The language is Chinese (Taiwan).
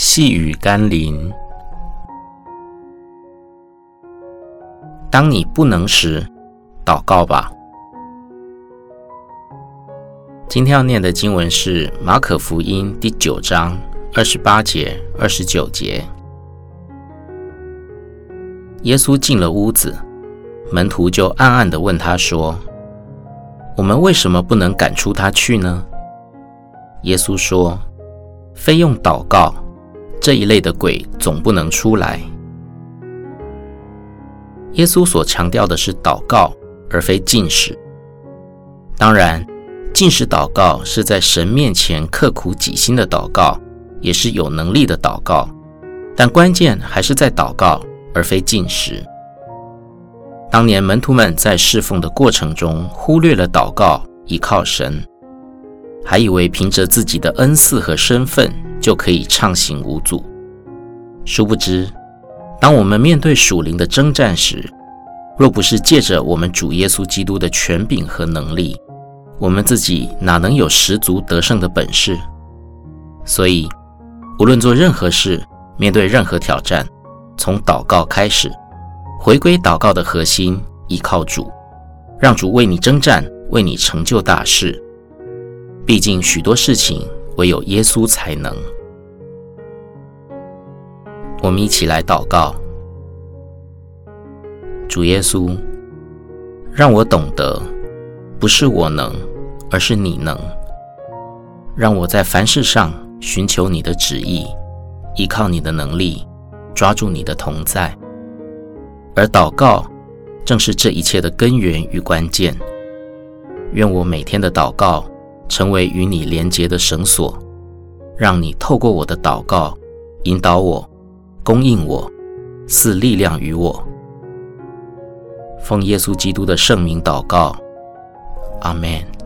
細語甘霖。當你不能時，禱告吧。今天要念的經文是《馬可福音》第九章二十八節、二十九節。耶穌進了屋子，門徒就暗暗地問他說：“我們為什麼不能趕出他去呢？”耶穌說：“非用禱告。”這一類的鬼總不能出來。耶穌所強調的是禱告，而非禁食。當然，禁食禱告是在神面前刻苦己心的禱告，也是有能力的禱告。但關鍵還是在禱告，而非禁食。當年門徒們在侍奉的過程中，忽略了禱告，倚靠神。還以為憑着自己的恩賜和身份就可以暢行無阻，殊不知，當我們面對屬靈的爭戰時，若不是借着我們主耶穌基督的權柄和能力，我們自己哪能有十足得勝的本事？所以，無論做任何事，面對任何挑戰，從禱告開始，回歸禱告的核心，依靠主，讓主為你爭戰，為你成就大事。畢竟，許多事情，唯有耶穌才能。我們一起來禱告：主耶穌，讓我懂得，不是我能，而是你能。讓我在凡事上尋求你的旨意，倚靠你的能力，抓住你的同在。而禱告正是這一切的根源與關鍵。願我每天的禱告，成為與你連結的繩索，讓你透過我的禱告引導我、供應我、賜力量於我。奉耶穌基督的聖名禱告，阿門。